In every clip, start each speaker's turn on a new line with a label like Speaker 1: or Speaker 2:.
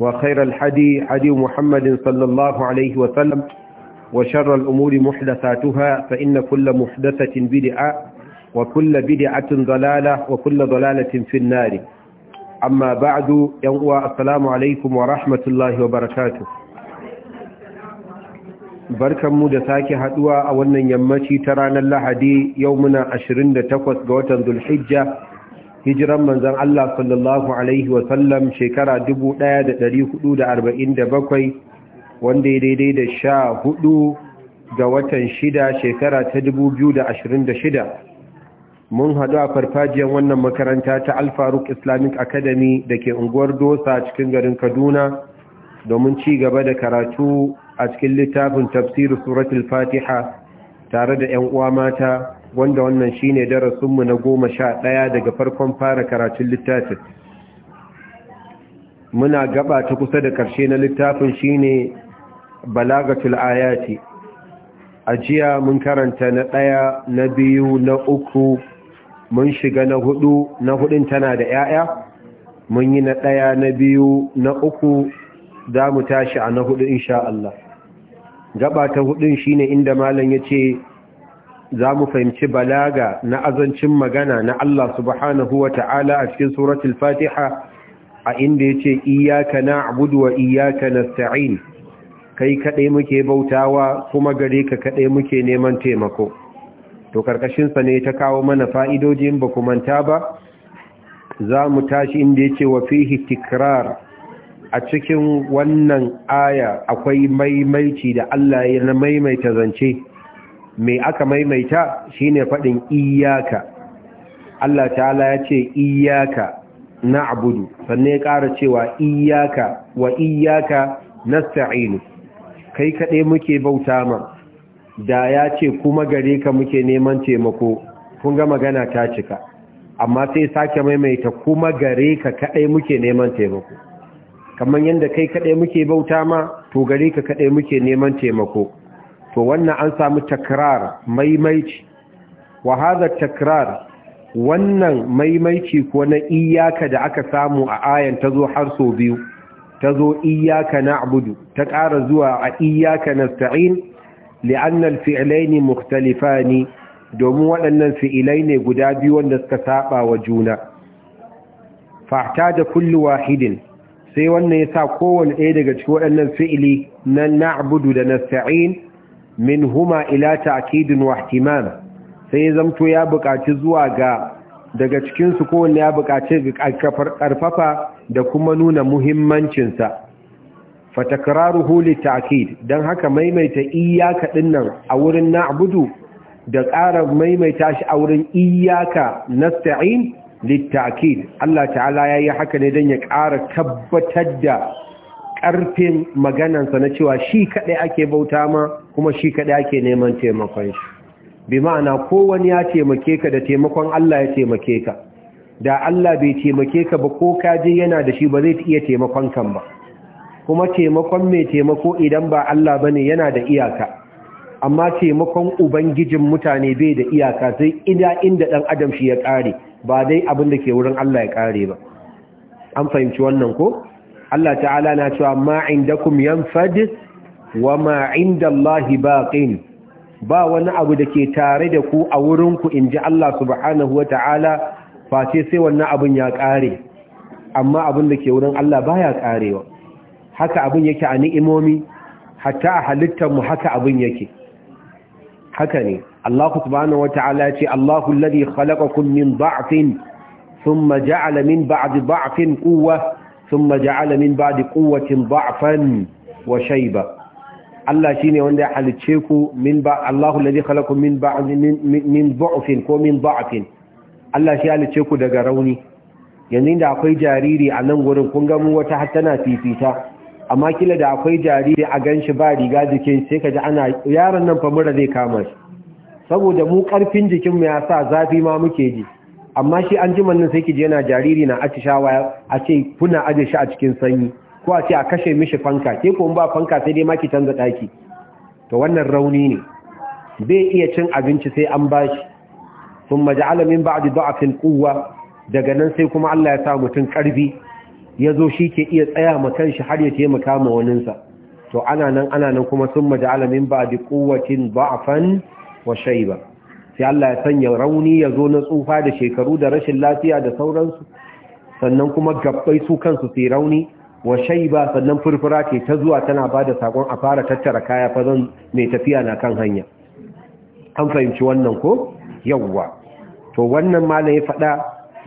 Speaker 1: وخير الحدي حدي محمد صلى الله عليه وسلم وشر الأمور محدثاتها فإن كل محدثة بدعة وكل بدعة ضلالة وكل ضلالة في النار أما بعد يوم السلام عليكم ورحمة الله وبركاته barkanmu da sake haduwa a wannan yammaci ta ranar lahadi yau muna 28 ga watan zulhijja hijiran manzan Allah sallallahu Alaihi wasallam shekara bakwai wanda ya daidai da sha hudu ga watan shida shekara ta da da shida. mun haɗu a farfajiyar wannan makaranta ta alfaruk islamic academy da ke unguwar dosa cikin garin kaduna domin ci gaba da karatu a cikin littafin tafsirin suratul fatiha tare da 'yan uwa mata wanda wannan shine darasinmu na goma sha ɗaya daga farkon fara karatun littafin muna gaba ta kusa da ƙarshe na littafin shine balagatul ayati a jiya mun karanta na ɗaya na biyu na uku mun shiga na hudu na hudun tana da 'ya'ya mun yi na ɗaya na biyu na uku za mu tashi a na hudu insha Allah gaba ta hudun shine inda malam ya ce za mu fahimci balaga na azancin magana na Allah subhanahu wa ta'ala a cikin suratul fatiha a inda ya ce iyaka na abudu wa iyaka na Sa'in, kai kaɗai muke bautawa kuma gare ka kaɗai muke neman taimako to ƙarƙashinsa ne ta kawo mana fa'idojin ba ku manta ba za mu tashi inda ya ce wa fihi tikrar a cikin wannan aya akwai maimaici da Allah ya maimaita zance me aka maimaita shine faɗin iyaka Allah ta'ala ya ce iyaka na'budu sannan ya ƙara cewa iyaka wa iyaka nasta'inu kai kaɗai muke bauta ma da ya ce kuma gare ka muke neman taimako kun ga magana ta cika amma sai sake maimaita kuma gare ka kaɗai muke neman taimako kamar yadda kai kaɗai muke bauta ma to gare ka kaɗai muke neman taimako to wannan an samu takrar maimaici wa hadha takrar wannan maimaici ko na iyaka da aka samu a ayan tazo har so biyu tazo iyaka na'budu ta ƙara zuwa a iyaka nasta'in li'anna al-fi'laini mukhtalifani domin waɗannan fi'ilai ne guda biyu wanda suka saba wa juna fahta da kullu wahidin sai wannan yasa kowanne daga cikin waɗannan fi'ili na na'budu da nasta'in min huma ila ta'kidin wa ihtimam sai ya zamto ya buƙaci zuwa ga daga cikin su kowanne ya buƙaci karfafa da kuma nuna muhimmancin sa fa takraruhu li ta'kid dan haka maimaita iyyaka dinnan a wurin na'budu da ƙara maimaita shi a wurin iyyaka nasta'in li ta'kid Allah ta'ala yayi haka ne dan ya ƙara tabbatar da ƙarfin maganansa na cewa shi kaɗai ake bauta ma kuma shi kaɗai ake neman taimakon shi bi ma'ana kowani ya taimake ka da taimakon Allah ya taimake ka da Allah bai taimake ka ba ko kaje yana da shi ba zai iya taimakon kan ba kuma taimakon mai taimako idan ba Allah bane yana da iyaka amma taimakon ubangijin mutane bai da iyaka sai ina inda dan adam shi ya ƙare ba dai abin da ke wurin Allah ya kare ba an fahimci wannan ko Allah ta'ala na cewa ma indakum yanfad wa ma indallahi baqin ba wani abu da ke tare da ku a wurinku in ji Allah subhanahu wa ta'ala face sai wannan abin ya ƙare amma abin da ke wurin Allah ba ya ƙarewa haka abin yake a ni'imomi hatta a halittarmu haka abin yake haka ne Allah subhanahu wa ta'ala ce Allahu alladhi khalaqakum min dha'fin thumma ja'ala min ba'di dha'fin quwwa thumma ja'ala min ba'di quwwatin da'fan wa shayba Allah shine wanda ya halice min ba Allahu alladhi khalaqakum min ba'd min du'fin ko min da'fin Allah shi halice ku daga rauni yanzu da akwai jariri a nan gurin kun ga mu wata har tana fifita amma kila da akwai jariri a ganshi ba riga jikin sai kaji ana yaron nan fa mura zai kama shi saboda mu ƙarfin jikin mu ya sa zafi ma muke ji amma shi an jiman nan sai ki je yana jariri na atishawa a ce kuna aje shi a cikin sanyi ko a ce a kashe mishi fanka ke ko ba fanka sai dai ma ki canza daki to wannan rauni ne bai iya cin abinci sai an bashi thumma ja'ala min ba'di da'afin quwwa daga nan sai kuma Allah ya sa mutum karfi zo shi ke iya tsaya ma kanshi har ya taimaka ma waninsa to ana nan ana nan kuma sun ja'ala min ba'di quwwatin da'afan wa ba. sai Allah ya sanya rauni ya zo na tsufa da shekaru da rashin lafiya da sauransu sannan kuma gabbai su kansu sai rauni wa shaiba sannan furfura ke? ta zuwa tana ba da sakon a fara tattara kaya fa zan mai tafiya na kan hanya an fahimci wannan ko yawwa to wannan malam ya faɗa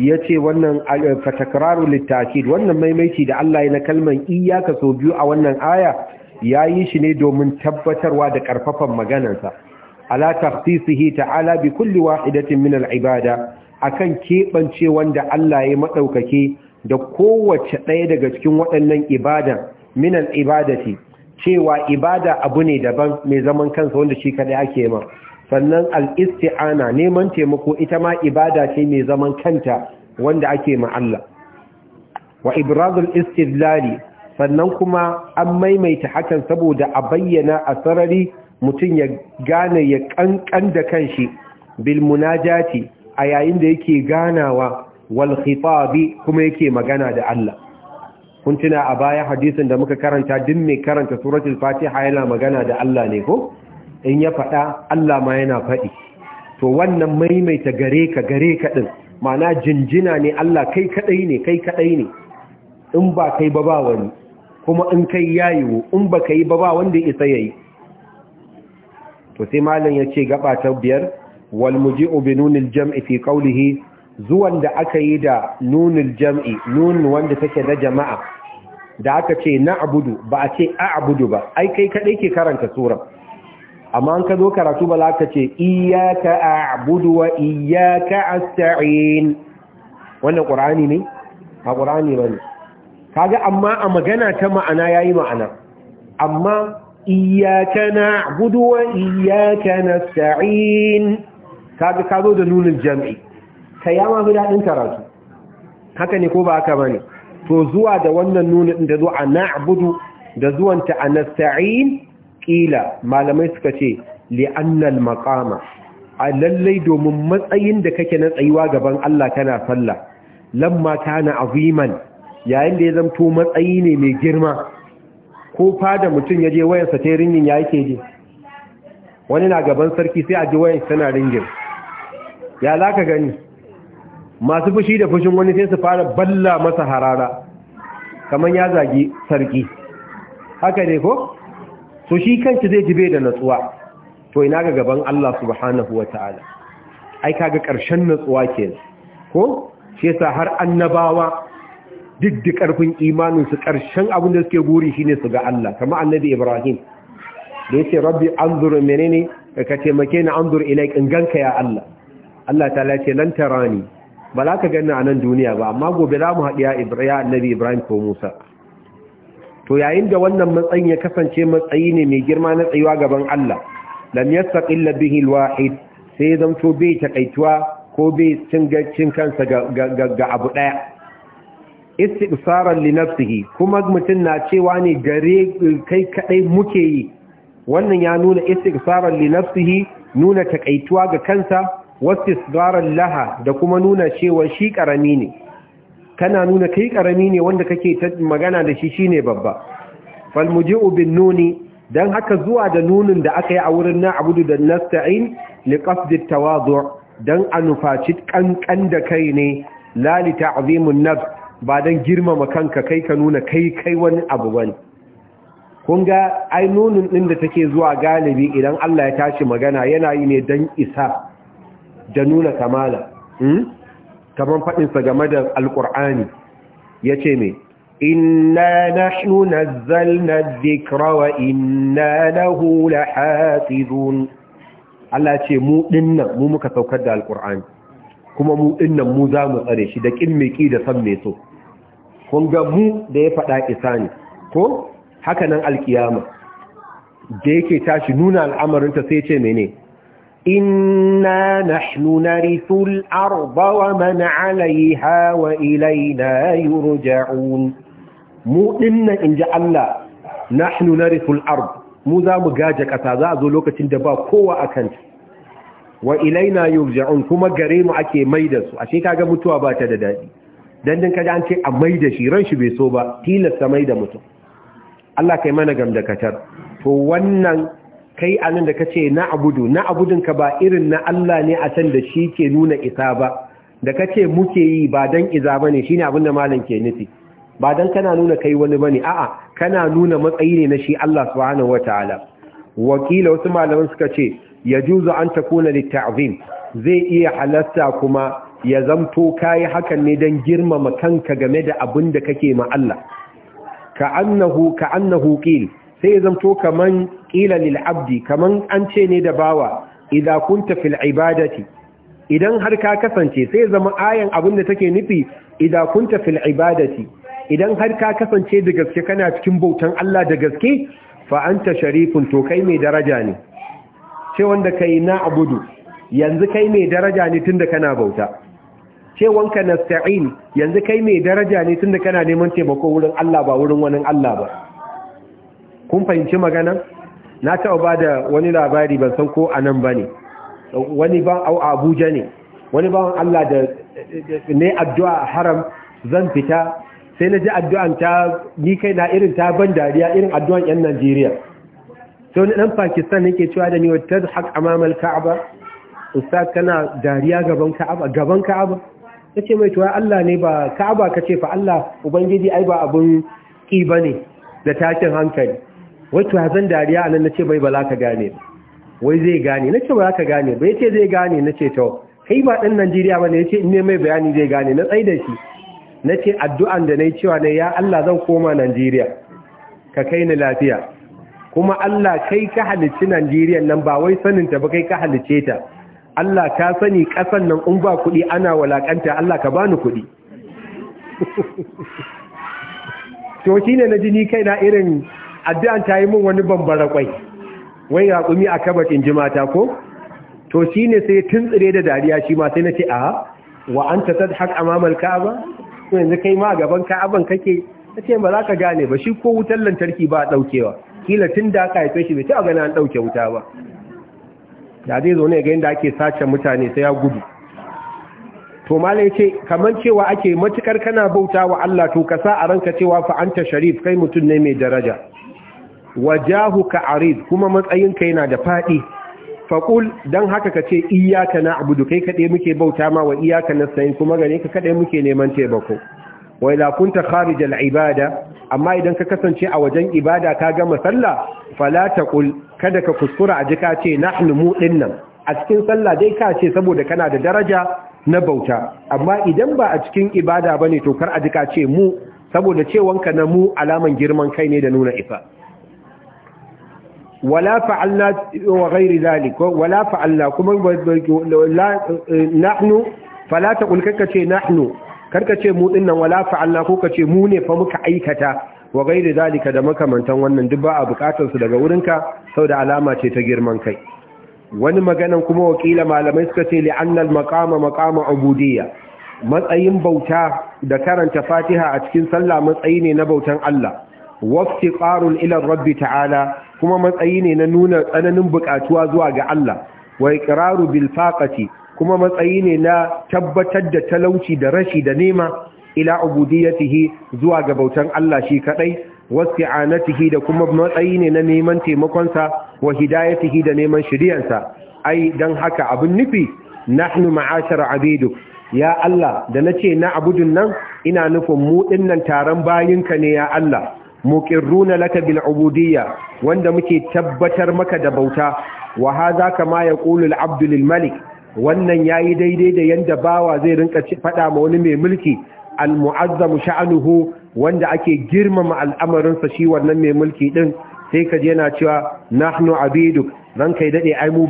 Speaker 1: ya ce wannan eh, fatakraru littakid wannan maimaici da Allah ya na kalman iyaka so biyu a wannan aya ya yi shi ne domin tabbatarwa da ƙarfafan maganarsa ala takhsisihi ta'ala bi kulli wahidatin min al-ibada akan kebance wanda Allah ya madaukake da kowace ɗaya daga cikin waɗannan ibada min al cewa ibada abu ne daban mai zaman kansa wanda shi kadai ake ma sannan al-isti'ana neman taimako ita ma ibada ce mai zaman kanta wanda ake ma Allah wa ibrazul istidlali sannan kuma an maimaita hakan saboda a bayyana a sarari mutum ya gane ya kankan da kanshi bil munajati a yayin da yake ganawa wal khitabi kuma yake magana da Allah kun tuna a baya hadisin da muka karanta din mai karanta suratul fatiha yana magana da Allah ne ko in ya faɗa Allah ma yana faɗi to wannan maimaita gare ka gare ka din ma'ana jinjina ne Allah kai kadai ne kai kadai ne in ba kai ba ba wani kuma in kai yayiwo in ba kai ba ba wanda isa yayi to sai malam ya ce gaba ta biyar wal muji'u bi nunin jam'i fi qawlihi zuwan da aka yi da nunin jam'i nunin wanda take da jama'a da aka ce na abudu ba a ce a'budu ba ai kai kaɗai ke karanta sura amma an ka zo karatu ba za ka ce a a'budu wa a asta'in wannan qur'ani ne a qur'ani bane kaga amma a magana ta ma'ana yayi ma'ana amma iyyaka na'budu wa iyyaka nasta'in ka zo da nunin jam'i kai ya ma guda karatu haka ne ko ba haka bane to zuwa da wannan nunin din da zuwa a na'budu da zuwanta a nasta'in ƙila, malamai suka ce li'anna makama a lallai domin matsayin da kake na tsayuwa gaban Allah kana sallah lamma na aziman yayin da ya zamto matsayi ne mai girma ko da mutum ya je wayansa ta ringin ya yake ji wani na gaban sarki sai a ji wayan tana ringin ya za ka gani masu fushi da fushin wani sai su fara balla masa harara kamar ya zagi sarki haka ne ko so shi kanki zai jibe da natsuwa to ina ga gaban Allah subhanahu Wata'ala? Aika ai kaga ƙarshen natsuwa kenan ko shi yasa har annabawa duk da ƙarfin imaninsu ƙarshen abin da suke guri shine su ga Allah kamar annabi Ibrahim da ya rabbi anzur menene ka taimake ni anzur zuru ilai ganka ya Allah Allah ta lace ce lan tarani ba za ka gani a nan duniya ba amma gobe za mu haɗiya ibrahim annabi Ibrahim ko Musa to yayin da wannan matsayin ya kasance matsayi ne mai girma na tsayuwa gaban Allah lam yastaqilla bihi alwahid sai zamto bai takaituwa ko bai cin kansa ga abu ɗaya. istiqsaran li nafsihi kuma mutum na cewa ne gare kai kadai muke yi wannan ya nuna istiqsaran li nafsihi nuna takaituwa ga kansa wastisgaran laha da kuma nuna cewa shi karami ne kana nuna kai karami ne wanda kake magana da shi shine babba falmuji'u bin nuni dan haka zuwa da nunin da aka yi a wurin na da nasta'in li qasdi tawadu dan anufaci kankan da kai ne la li ta'zimun nafs ba don girmama kanka kai ka nuna kai kai wani abu bane kun ga ai nunin ɗin da take zuwa galibi idan Allah ya tashi magana yana yi ne don isa da nuna kamala hmm? kamar faɗinsa game da alƙur'ani ya ce mai inna nahnu nazzalna dhikra wa inna na hula lahafizun Allah ce mu ɗinnan mu muka saukar da Alƙur'ani, kuma mu ɗinnan mu za mu tsare shi da ƙin mai ƙi da san mai so kun ga mu da ya faɗa isa ne ko haka nan alkiyama da yake tashi nuna al'amarinta sai ce mene inna nahnu narithul arda wa man 'alayha wa ilayna yurja'un mu dinnan inji Allah nahnu narithul ard mu za mu gaje ƙasa za a zo lokacin da ba kowa akan wa ilaina yurja'un kuma gare mu ake maida su ashe kaga mutuwa ba ta da daɗi? dan din kaji an ce a mai da shi ran shi bai so ba tilasta mai da mutum Allah kai mana gamdakatar to wannan kai anan da kace na abudu na abudun ka ba irin na Allah ne a can da shi ke nuna isa ba da kace muke yi ba dan iza bane shine abin da malam ke nufi ba dan kana nuna kai wani bane a'a kana nuna matsayi ne na shi Allah subhanahu wataala wakila wasu malaman suka ce yajuzu an takuna ta'zim zai iya halatta kuma ya zamto kayi hakan ne don girmama kanka game da abin da kake ma Allah ka annahu ka sai ya zamto kaman ƙila lil'abdi abdi kaman an ce ne da bawa idan kun tafi ibadati idan har ka kasance sai zama ayan abin da take nufi idan kun tafi ibadati idan har ka kasance da gaske kana cikin bautan Allah da gaske fa'anta anta sharifun to kai mai daraja ne ce wanda kai na abudu yanzu kai mai daraja ne tunda kana bauta cewanka nasta'in yanzu kai mai daraja ne tunda kana neman taimako wurin Allah ba wurin wani Allah ba kun fahimci magana na taɓa ba da wani labari ban san ko a nan ba ne wani ban au abuja ne wani ban Allah da ne addu'a a haram zan fita sai na ji addu'an ta ni kai na irin ta ban dariya irin addu'an 'yan Najeriya. Sau ni ɗan Pakistan ne ke cewa da ni wata haƙƙa mamal Ka'aba, Ustaz kana dariya gaban Ka'aba, gaban Ka'aba. ta ce mai tuwa Allah ne ba ka'aba ka ce fa Allah ubangiji ai ba abun ki ba ne da takin hankali wai tuwa zan dariya anan na ce bai ba za ka gane wai zai gane na ce ba za ka gane ba ya ce zai gane na ce to kai ba ɗan Najeriya ba ne ya ce in ne mai bayani zai gane na tsai da shi na ce addu'an da na yi cewa na ya Allah zan koma Najeriya ka kai ni lafiya kuma Allah kai ka halicci Najeriya nan ba wai saninta ba kai ka halicce ta Allah ka sani ƙasan nan in ba kuɗi ana walaƙanta, Allah ka bani kuɗi to shi ne na ji ni kai na irin addu'an ta yi min wani bambara ƙwai. wai raƙumi a kabar in ji mata ko to shi ne sai tun tsire da dariya shi ma sai na ce aha, wa an ta tad haƙa mamal ka'aba to yanzu kai ma gaban ka'aban kake Ta ce ba za ka gane ba shi ko wutar lantarki ba a ɗaukewa kila tun da aka haife shi bai ta gana an ɗauke wuta ba da zai zo ne ga inda ake sace mutane sai ya gudu to malai yace kamar cewa ake matukar kana bauta wa Allah to ka sa a ranka cewa fa anta sharif kai mutum ne mai daraja Wajahu ka arid kuma matsayin ka yana da fadi faqul dan haka kace iyyaka na'budu kai kade muke bauta ma wa iyyaka nasta'in kuma gare ka kade muke neman taimako wa idza kunta kharij al-ibada amma idan ka kasance a wajen ibada ka gama sallah fala taqul kada ka kuskura a jika ce nahnu mu dinnan a cikin sallah dai ka ce saboda kana da daraja na bauta amma idan ba a cikin ibada bane to kar a jika ce mu saboda cewanka na mu alaman girman kai ne da nuna isa wala fa'alna wa ghairi zalika wala fa'alna kuma eh, nahnu fala taqul kaka ce nahnu karka ce mu dinnan wala fa'alna ko kace mu ne fa muka aikata wa gairi zalika da makamantan wannan duk ba a bukatar su daga wurinka da alama ce ta girman kai wani maganan kuma wakila malamai suka ce li'anna al-maqama maqama ubudiyya matsayin bauta da karanta fatiha a cikin sallah matsayi ne na bautan Allah waftiqarun ila rabbi ta'ala kuma matsayi ne na nuna tsananin bukatuwa zuwa ga Allah wa iqraru bil faqati kuma matsayi ne na tabbatar da talauci da rashi da nema ila ubudiyatihi zuwa ga bautan Allah shi kadai wasi'anatihi da kuma matsayi ne na neman taimakon sa wa hidayatihi da neman sa. ai dan haka abin nufi nahnu ma'ashara abidu ya Allah da nace na abudun nan ina nufin mu dinnan taron ka ne ya Allah muqirruna laka bil ubudiyya wanda muke tabbatar maka da bauta wa hadha kama yaqulu al abdu lil malik wannan ya yi daidai da yanda bawa zai rinka fada ma wani mai mulki al sha'anuhu wanda ake girmama al'amarinsa shi wannan mai mulki ɗin? sai ka yana na cewa nahnu abiduk zan kai dade ai mu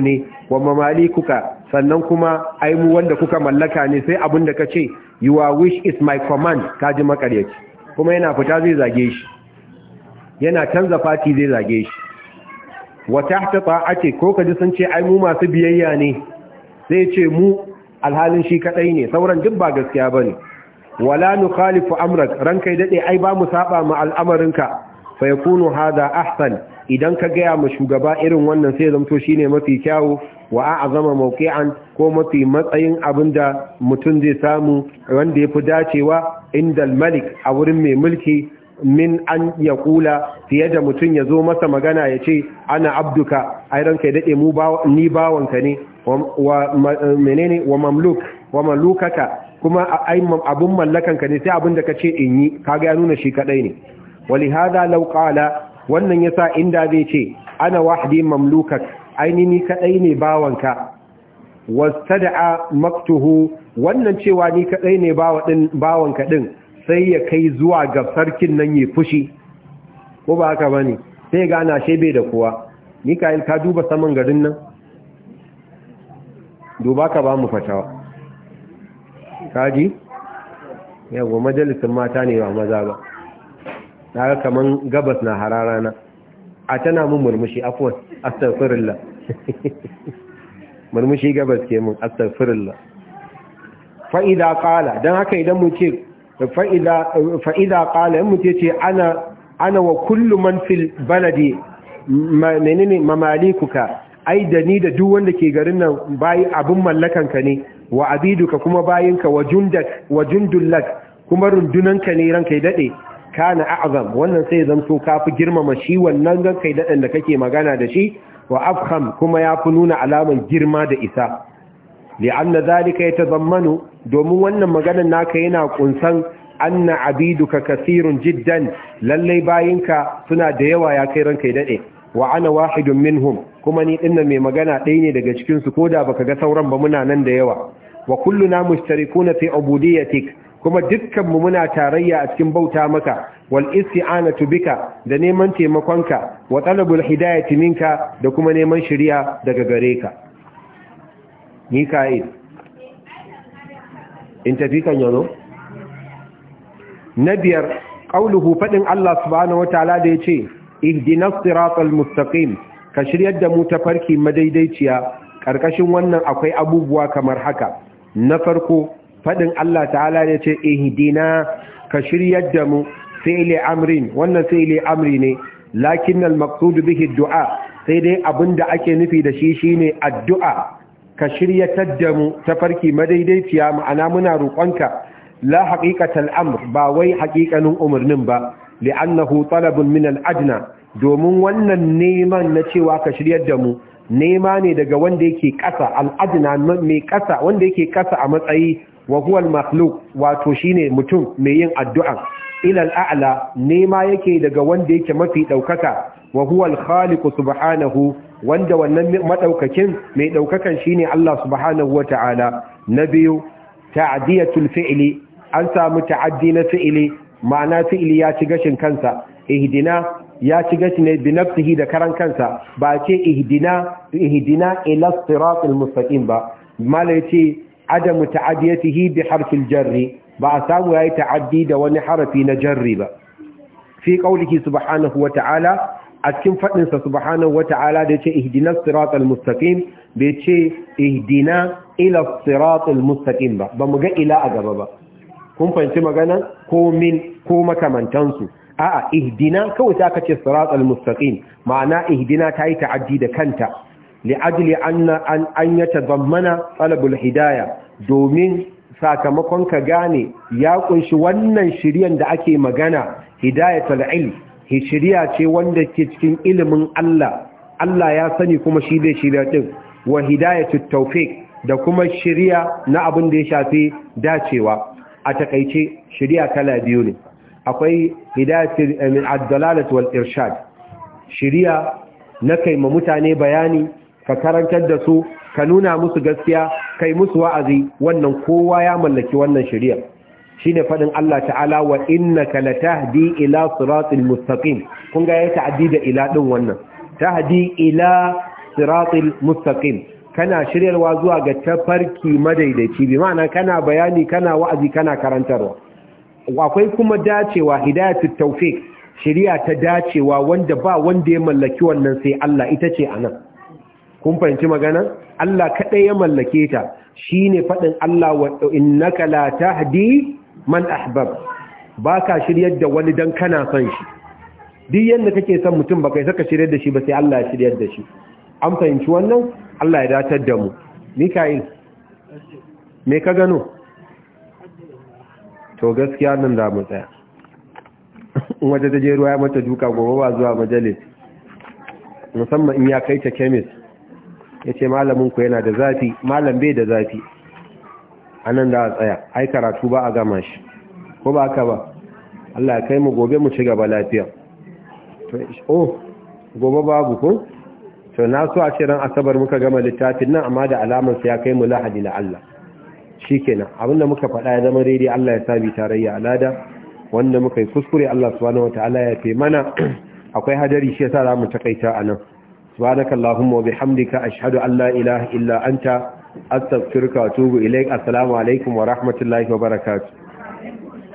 Speaker 1: ne wa mamalikuka sannan kuma ai mu wanda kuka mallaka ne sai abin da kace your wish is my command kaji makaryaci kuma yana fita zai zage shi yana canza fati zai zage shi wa tahta ta'ati ko kaji sun ce aimu masu biyayya ne sai ce mu alhalin shi kadai ne sauran duk ba gaskiya bane wala nukhalifu amrak ranka kai dade ai ba mu saba ma al'amarinka fa yakunu hada ahsan idan ka gaya ma shugaba irin wannan sai zamto shine mafi kyawu wa a'zama mawqi'an ko mafi matsayin abinda mutum zai samu wanda yafi dacewa indal malik a wurin mai mulki min an ya kula fiye da mutum ya zo masa magana ya ce ana abduka ai ranka ya daɗe ni bawanka ne wa menene wa mamluk wa mamlukaka kuma abun mallakanka ne sai abin da ka ce in yi kaga ya nuna shi kadai ne wali hada qala wannan yasa inda zai ce ana wahdi mamlukak ni kadai ne bawanka wasta maktuhu wannan cewa ni kadai ne bawanka din. sai ya kai zuwa ga sarkin nan ya fushi ko ba haka bane sai gana shebe da kowa mikael ka duba saman garin nan duba ka ba mu fatawa kaji yawa majalisin mata ne ba maza ba ga kaman gabas na hararana a tana mun murmushi afwan astaghfirullah murmushi gabas ke mun astaghfirullah fa idza qala dan haka idan mu ce fa'iza ƙala yin mutu ce ana wa kullum man fil balade menene mamalikuka ai da ni da duk wanda ke garin nan bayi abin mallakanka ne wa abiduka kuma bayinka wa jundullak kuma rundunanka ne ranka daɗe kana azam wannan sai zamto kafi girmama shi wannan ranka dade da kake magana da shi wa afham kuma ya fi nuna alaman girma da isa li'anna dhalika yatadammanu domin wannan maganar naka yana kunsan anna abiduka kasirun jiddan lallai bayinka suna da yawa ya kai ranka dade wa ana wahidun minhum kuma ni dinnan mai magana ɗaya ne daga cikin su koda baka ga sauran ba muna nan da yawa wa kulluna mushtarikuna fi ubudiyatik kuma dukkanmu muna tarayya a cikin bauta maka wal isti'anatu bika da neman ka wa talabul hidayati minka da kuma neman shiriya daga gare ka mika'il in tafi kan yano na biyar ƙauluhu faɗin Allah subhanahu wa ta'ala da ya ce ihdinas siratal mustaqim ka shiryar da mu ta farki madaidaiciya ƙarƙashin wannan akwai abubuwa kamar haka na farko faɗin Allah ta'ala ya ce ihdina ka shiryar da mu fi'li amrin wannan fi'li amri ne lakinnal maqsud bihi du'a sai dai abinda ake nufi da shi shine addu'a ka shirya da mu ta farki madaidaiciya ma'ana muna roƙonka la haqiqatal amr ba wai haƙiƙanin umarnin ba li'annahu talabun min al-adna domin wannan neman na cewa ka shiryar da mu nema ne daga wanda yake ƙasa al-adna mai ƙasa wanda yake ƙasa a matsayi wa huwa makhluq wato shine mutum mai yin addu'a ila al nema yake daga wanda yake mafi ɗaukaka wa huwa al-khaliqu subhanahu wanda wannan madaukakin mai daukakan shine Allah subhanahu wata'ala na biyu ta'diyatul fi'li an samu ta'addi na fi'li ma'ana fi'li ya ci gashin kansa ihdina ya ci gashi ne bi nafsihi da karan kansa ba ce ihdina ihdina ila siratal mustaqim ba mala yace adam ta'adiyatihi bi harfil jarri ba a samu yayi ta'addi da wani harafi na jarri ba fi qawlihi subhanahu wa ta'ala a cikin sa subhanahu wata'ala da ce ihdina siratal mustaqim bai ce ihdina ila siratal mustaqim ba ba mu ga ila a gaba ba kun fahimci magana ko min ko makamantansu a'a ihdina kawai ta kace siratal mustaqim ma'ana ihdina ta yi ta'addi da kanta ajli anna an an yatadammana talabul hidayah domin sakamakon ka gane ya kunshi wannan shiryan da ake magana hidayatul ilm shiriya ce wanda ke cikin ilimin Allah Allah ya sani kuma shi zai shirya din wa hidayatu tawfiq da kuma shirya na abin da ya shafi dacewa a takaice shirya kala biyu ne akwai hidayatu eh, min ad-dalalah wal irshad shiriya na kai ma mutane bayani ka karantar da su ka nuna musu gaskiya kai musu wa'azi wannan kowa ya mallaki wannan shiriyar. Shi ne faɗin Allah ta'ala wa la tahdi ila siratul mustaqim kun ga ya ta'addi da ila din wannan tahdi ila siratul mustaqim kana shiryarwa zuwa ga tafarki madaidaici bi ma'ana kana bayani kana wa'azi kana karantarwa akwai kuma dacewa hidayatul tawfiq shirya ta dacewa wanda ba wanda ya mallaki wannan sai Allah ita ce anan kun fahimci magana Allah kaɗai ya mallake ta shine faɗin Allah wa innaka la tahdi man ahbab ba ka shiryar da wani don kana son shi duk yadda kake son mutum ba kai saka shiryar da shi ba sai Allah ya shiryar da shi an fahimci wannan Allah ya datar da mu Mika'il me ka gano to gaskiya nan da mu tsaya Waje ta je ruwa ya mata duka gobe ba zuwa majalis musamman in ya kai ta kemis yace ce malamin ku yana da zafi malam bai da zafi anan da a tsaya ai karatu ba a gama shi ko ba ka ba Allah ya kai mu gobe mu ci gaba lafiya To oh, gobe babu ko to na so a ce ran asabar muka gama littafin nan amma da alamar sa ya kai mu lahadi la Allah shikenan abinda muka faɗa ya zama daidai Allah ya bi tarayya alada wanda muka yi kuskure Allah subhanahu wataala ya fe mana akwai hadari shi yasa za mu takaita anan subhanakallahumma wa bihamdika ashhadu an la ilaha illa anta astaghfiruka wa atubu ilaik assalamu alaikum wa rahmatullahi wa barakatu.